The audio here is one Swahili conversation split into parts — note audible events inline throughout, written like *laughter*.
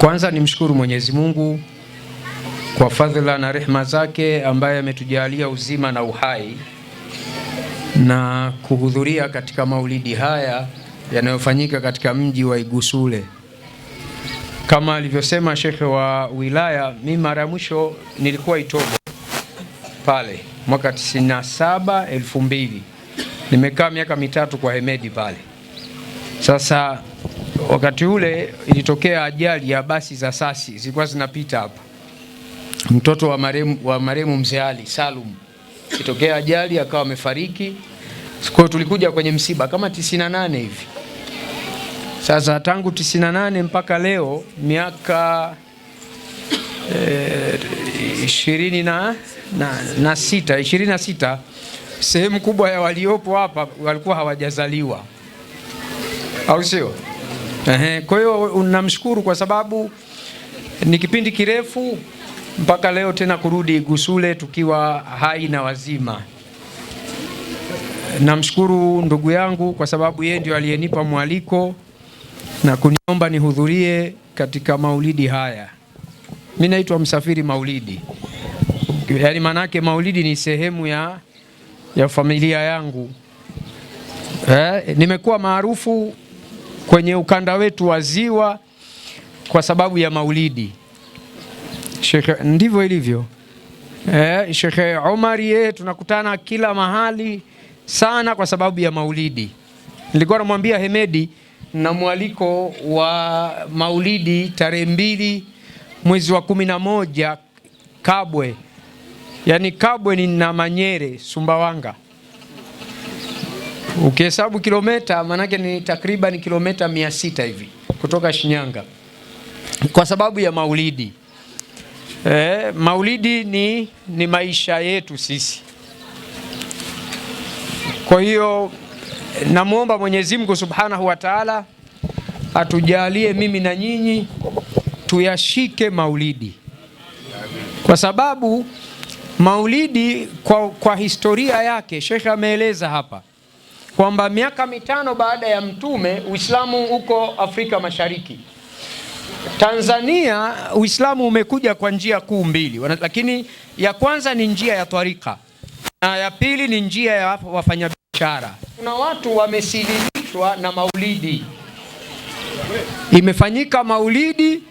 Kwanza nimshukuru Mwenyezi Mungu kwa fadhila na rehma zake ambaye ametujalia uzima na uhai na kuhudhuria katika maulidi haya yanayofanyika katika mji wa Igusule. Kama alivyosema shekhe wa wilaya, mi mara ya mwisho nilikuwa itogo pale mwaka 97 2000, nimekaa miaka mitatu kwa Hemedi pale. Sasa Wakati ule ilitokea ajali ya basi za sasi zilikuwa zinapita hapa, mtoto wa marehemu wa marehemu mzee Ali Salum, ilitokea ajali akawa amefariki. Kwa tulikuja kwenye msiba kama 98 hivi. Sasa tangu 98 mpaka leo miaka eh, ishirini na, na, na sita ishirini na sita. Sehemu kubwa ya waliopo hapa walikuwa hawajazaliwa, au sio? Ehe, kwa hiyo namshukuru kwa sababu ni kipindi kirefu mpaka leo tena kurudi gusule tukiwa hai na wazima. Namshukuru ndugu yangu kwa sababu yeye ndio aliyenipa mwaliko na kuniomba nihudhurie katika maulidi haya. Mimi naitwa Msafiri Maulidi, yaani maanake maulidi ni sehemu ya, ya familia yangu eh, nimekuwa maarufu kwenye ukanda wetu wa Ziwa kwa sababu ya maulidi. Shekhe, ndivyo ilivyo. Eh, Shekhe Omari yeye tunakutana kila mahali sana kwa sababu ya maulidi. Nilikuwa namwambia Hemedi na mwaliko wa maulidi tarehe mbili mwezi wa kumi na moja Kabwe, yaani Kabwe ni na Manyere, Sumbawanga. Ukihesabu kilomita maanake ni takriban kilomita 600 hivi kutoka Shinyanga kwa sababu ya maulidi. E, maulidi ni, ni maisha yetu sisi. Kwa hiyo namwomba Mwenyezi Mungu Subhanahu wa Ta'ala atujalie mimi na nyinyi tuyashike maulidi, kwa sababu maulidi kwa, kwa historia yake Sheikh ameeleza hapa kwamba miaka mitano baada ya mtume Uislamu huko Afrika Mashariki Tanzania Uislamu umekuja kwa njia kuu mbili, lakini ya kwanza ni njia ya twarika na ya pili ni njia ya wafanyabiashara. Kuna watu wamesililishwa na maulidi, imefanyika maulidi,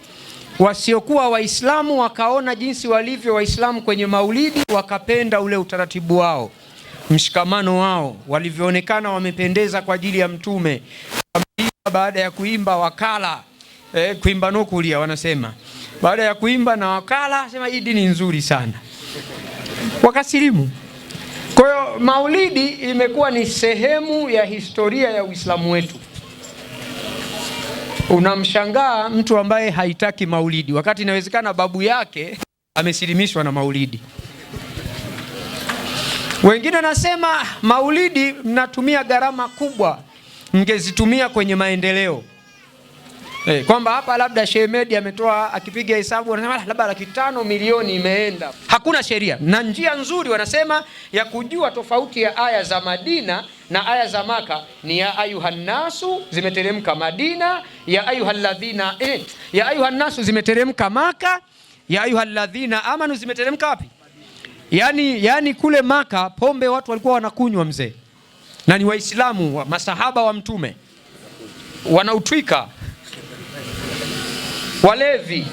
wasiokuwa Waislamu wakaona jinsi walivyo Waislamu kwenye maulidi, wakapenda ule utaratibu wao mshikamano wao walivyoonekana wamependeza kwa ajili ya mtume. Baada ya kuimba wakala eh, kuimba no kulia, wanasema baada ya kuimba na wakala, sema hii dini nzuri sana, wakasilimu. Kwa hiyo maulidi imekuwa ni sehemu ya historia ya Uislamu wetu. Unamshangaa mtu ambaye haitaki maulidi, wakati inawezekana babu yake amesilimishwa na maulidi. Wengine nasema maulidi mnatumia gharama kubwa, mngezitumia kwenye maendeleo eh, kwamba hapa labda Shemedi ametoa akipiga hesabu anasema ah, labda laki tano milioni imeenda. Hakuna sheria na njia nzuri wanasema ya kujua tofauti ya aya za Madina na aya za Maka ni ya ayuhannasu zimeteremka Madina, ya ayuhalladhina eh, ya ayuhannasu zimeteremka Maka, ya ayuhalladhina amanu zimeteremka wapi? Yaani, yaani kule Maka pombe watu walikuwa wanakunywa mzee, na ni Waislamu masahaba wa Mtume wanautwika walevi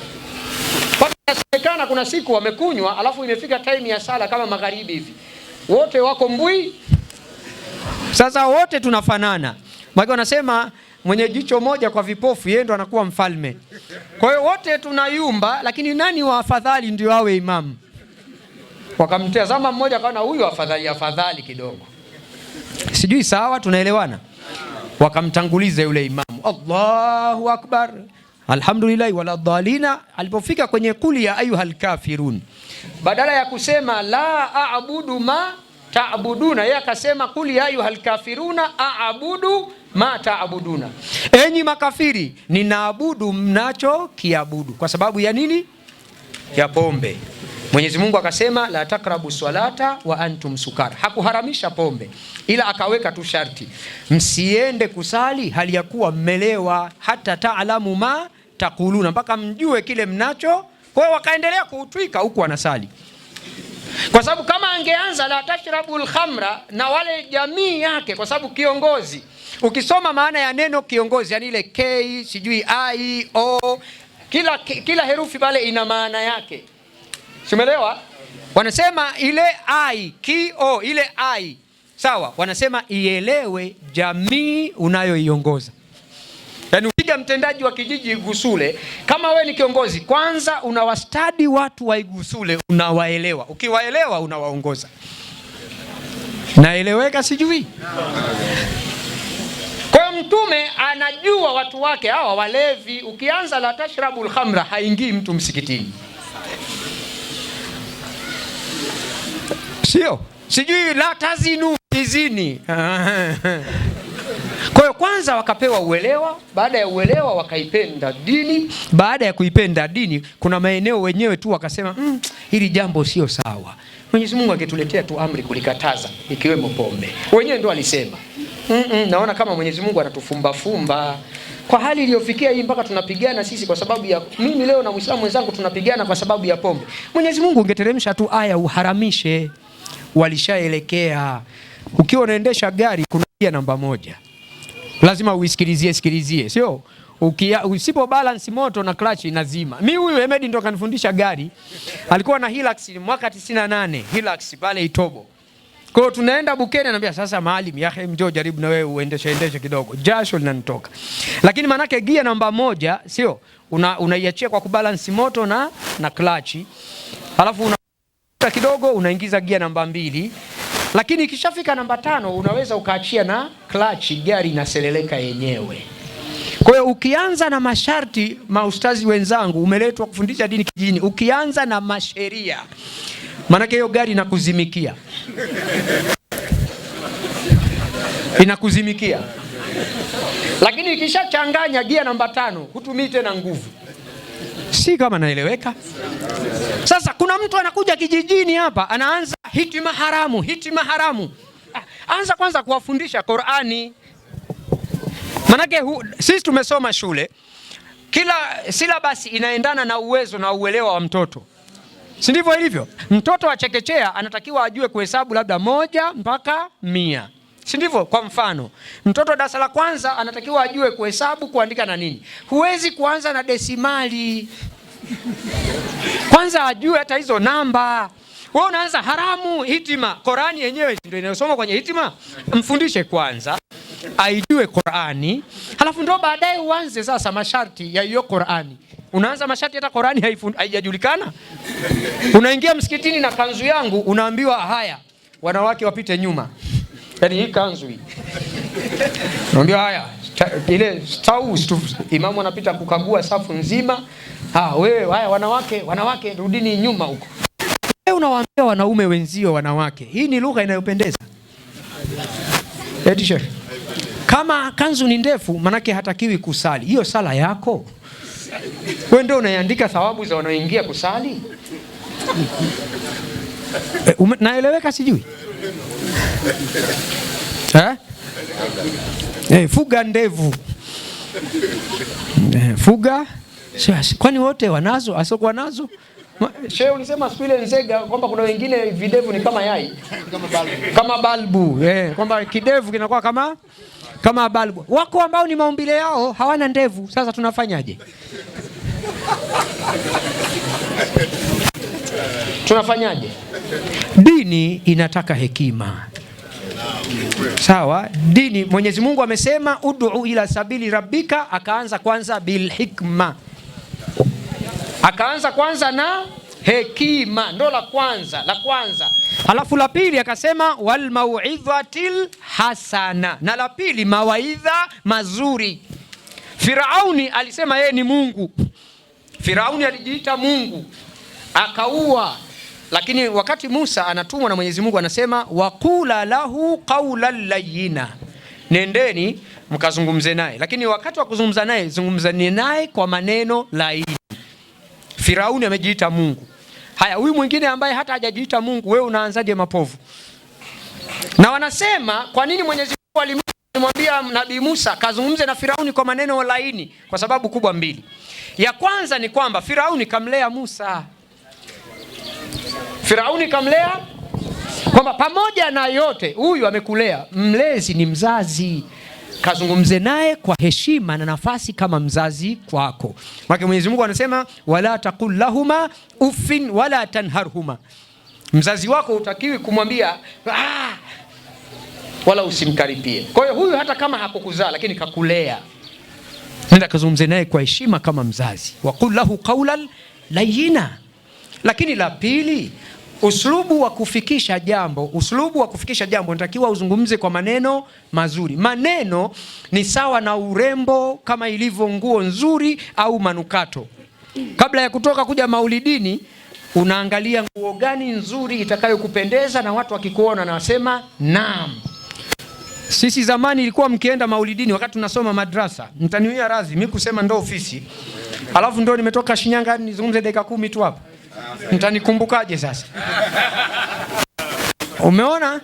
mpaka inasemekana kuna siku wamekunywa, alafu imefika time ya sala kama magharibi hivi, wote wako mbui. Sasa wote tunafanana, maana wanasema mwenye jicho moja kwa vipofu yeye ndo anakuwa mfalme. Kwa hiyo wote tunayumba, lakini nani wa afadhali ndio awe imamu? wakamtazama mmoja, akaona huyu afadhali afadhali kidogo, sijui sawa, tunaelewana. Wakamtanguliza yule imamu, Allahu akbar alhamdulillahi wala dhalina. Alipofika kwenye kuli ya ayuhal kafirun, badala ya kusema la aabudu ma taabuduna, yeye akasema kuli ya ayuhal kafiruna aabudu ma taabuduna, enyi makafiri, ninaabudu mnacho kiabudu Kwa sababu ya nini? Ya pombe. Mwenyezi Mungu akasema la takrabu swalata wa antum sukar. Hakuharamisha pombe, ila akaweka tu sharti, msiende kusali hali ya kuwa mmelewa, hata taalamu ma takuluna, mpaka mjue kile mnacho. Kwa hiyo wakaendelea kuutwika huku wanasali, kwa sababu kama angeanza la tashrabu lkhamra na wale jamii yake, kwa sababu kiongozi, ukisoma maana ya neno kiongozi, yani ile k sijui i o, kila, kila herufi pale ina maana yake. Simelewa? Wanasema ile ai kio ile ai sawa, wanasema ielewe jamii unayoiongoza. Yaani ukija mtendaji wa kijiji Igusule, kama we ni kiongozi, kwanza unawastadi watu wa Igusule, unawaelewa. Ukiwaelewa unawaongoza. Naeleweka? Sijui. Kwa Mtume anajua watu wake hawa walevi. Ukianza la tashrabul khamra, haingii mtu msikitini. sio sijui la tazinu izini. *laughs* Kwa hiyo kwanza wakapewa uelewa, baada ya uelewa wakaipenda dini. Baada ya kuipenda dini, kuna maeneo wenyewe tu wakasema mm, hili jambo sio sawa. Mwenyezi Mungu akituletea tu amri kulikataza, ikiwemo pombe. Wenyewe ndo alisema mm -mm, naona kama Mwenyezi Mungu anatufumbafumba kwa hali iliyofikia hii mpaka tunapigana sisi kwa sababu ya mimi leo na Muislamu wenzangu tunapigana kwa sababu ya pombe. Mwenyezi Mungu ungeteremsha tu aya uharamishe walishaelekea. Ukiwa unaendesha gari kuna gia namba moja, lazima uisikilizie sikilizie, sio usipo balance moto na clutch inazima. Mi huyu Hemedi ndo kanifundisha gari, alikuwa na Hilux mwaka 98 Hilux pale Itobo. Kwa hiyo tunaenda Bukene, anambia sasa maalim yahe, njoo jaribu na wewe uendeshe endeshe kidogo, jasho linanitoka. Lakini maanake gia namba moja sio unaiachia una kwa kubalance moto na, na clutch alafu una mafuta kidogo, unaingiza gia namba mbili, lakini ikishafika namba tano unaweza ukaachia na clutch, gari inaseleleka yenyewe. Kwa hiyo ukianza na masharti, maustazi wenzangu, umeletwa kufundisha dini kijijini, ukianza na masheria, maanake hiyo gari inakuzimikia inakuzimikia. Lakini ikishachanganya gia namba tano, hutumii tena nguvu si kama naeleweka? Sasa kuna mtu anakuja kijijini hapa anaanza hitima haramu, hitima haramu, ah, anza kwanza kuwafundisha Qur'ani. Manake sisi tumesoma shule, kila silabasi inaendana na uwezo na uelewa wa mtoto, si ndivyo ilivyo? Mtoto wa chekechea anatakiwa ajue kuhesabu labda moja mpaka mia si ndivyo? Kwa mfano mtoto darasa la kwanza anatakiwa ajue kuhesabu, kuandika na nini. Huwezi kuanza na desimali kwanza ajue hata hizo namba. Wewe unaanza haramu, hitima. Korani yenyewe ndio inayosoma kwenye hitima. Mfundishe kwanza aijue Korani, halafu ndo baadaye uanze sasa masharti ya hiyo Korani. Unaanza masharti, hata Korani haijajulikana. Unaingia msikitini na kanzu yangu, unaambiwa haya, wanawake wapite nyuma yani hii kanzu hii. Naambia haya, ile stau imamu anapita kukagua safu nzima. Ha, we, haya wanawake, wanawake rudini nyuma huko. Wewe unawaambia wanaume wenzio wanawake. Hii ni lugha inayopendeza. Edisha. Kama kanzu ni ndefu, manake hatakiwi kusali. Hiyo sala yako. Wewe ndio unaiandika thawabu za wanaoingia kusali. *laughs* Eh, naeleweka sijui eh? Eh, fuga ndevu eh, fuga kwani wote wanazo asiokuwa nazo Shehe, ulisema siku ile Nzega kwamba kuna wengine videvu ni kama yai kama balbu eh, kwamba kidevu kinakuwa kama kama balbu. Wako ambao ni maumbile yao hawana ndevu. Sasa tunafanyaje? tunafanyaje? Dini inataka hekima, sawa. Dini, Mwenyezi Mungu amesema ud'u ila sabili rabbika, akaanza kwanza bilhikma, akaanza kwanza na hekima, ndo la kwanza la kwanza, alafu la pili akasema walmauidhatil hasana, na la pili mawaidha mazuri. Firauni alisema yeye ni Mungu. Firauni alijiita Mungu, akaua lakini wakati Musa anatumwa na Mwenyezi Mungu anasema waqula lahu qawlan layyina, nendeni mkazungumze naye. Lakini wakati wa kuzungumza naye, zungumzani naye kwa maneno laini. Firauni amejiita Mungu. Haya, huyu mwingine ambaye hata hajajiita Mungu, wewe unaanzaje mapovu? Na wanasema kwa nini Mwenyezi Mungu alimwambia Nabii Musa kazungumze na Firauni kwa maneno laini? Kwa sababu kubwa mbili. Ya kwanza ni kwamba Firauni kamlea Musa Firauni kamlea, kwamba pamoja na yote huyu amekulea. Mlezi ni mzazi, kazungumze naye kwa heshima na nafasi kama mzazi kwako. Maana Mwenyezi Mungu anasema wala taqul lahuma uffin wala tanharhuma, mzazi wako hutakiwi kumwambia ah, wala usimkaripie. Kwa hiyo huyu hata kama hakukuzaa lakini kakulea, nenda kazungumze naye kwa heshima kama mzazi. Waqul lahu qawlan layyina lakini la pili, uslubu wa kufikisha jambo, uslubu wa kufikisha jambo unatakiwa uzungumze kwa maneno mazuri. Maneno ni sawa na urembo, kama ilivyo nguo nzuri au manukato. Kabla ya kutoka kuja maulidini, unaangalia nguo gani nzuri itakayokupendeza, na watu wakikuona na wasema naam. Sisi zamani ilikuwa mkienda maulidini, wakati tunasoma madrasa, mtaniwia radhi mimi kusema ndo ofisi, alafu ndo nimetoka Shinyanga, nizungumze dakika kumi tu hapa Mtanikumbukaje sasa? Umeona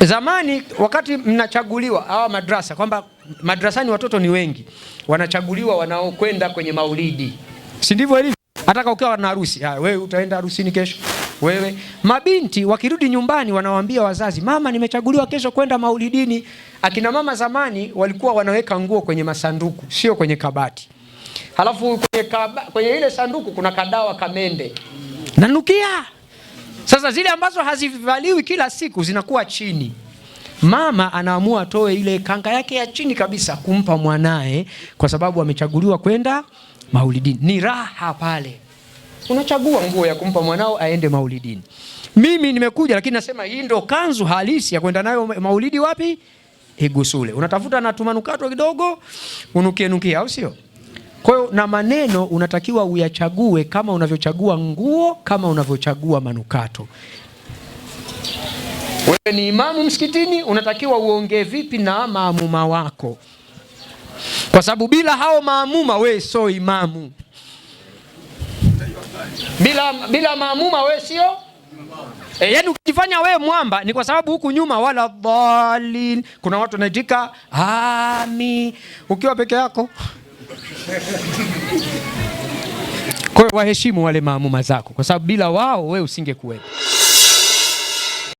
zamani wakati mnachaguliwa hawa madrasa, kwamba madrasani watoto ni wengi, wanachaguliwa wanaokwenda kwenye maulidi, si ndivyo ilivyo? Hata ukiwa na harusi, ah, wewe utaenda harusini kesho. Wewe mabinti wakirudi nyumbani, wanawaambia wazazi, mama, nimechaguliwa kesho kwenda maulidini. Akina mama zamani walikuwa wanaweka nguo kwenye masanduku, sio kwenye kabati. Halafu kwenye, kaba, kwenye ile sanduku kuna kadawa kamende nanukia. Sasa zile ambazo hazivaliwi kila siku zinakuwa chini. Mama anaamua atoe ile kanga yake ya chini kabisa kumpa mwanae kwa sababu amechaguliwa kwenda maulidini. Ni raha pale, unachagua nguo ya kumpa mwanao aende maulidini. Mimi nimekuja lakini nasema hii ndo kanzu halisi ya kwenda nayo maulidi. Wapi? Igusule. Unatafuta na tumanukato kidogo, unukie au sio? Kwa hiyo na maneno unatakiwa uyachague kama unavyochagua nguo, kama unavyochagua manukato. Wewe ni imamu msikitini, unatakiwa uongee vipi na maamuma wako, kwa sababu bila hao maamuma we sio imamu. Bila, bila maamuma we sio E, eh, yani ukijifanya wewe mwamba ni kwa sababu huku nyuma wala dhalin kuna watu wanaitika ami, ukiwa peke yako kwa hiyo waheshimu wale maamuma zako, kwa sababu bila wao wewe usingekuwepo.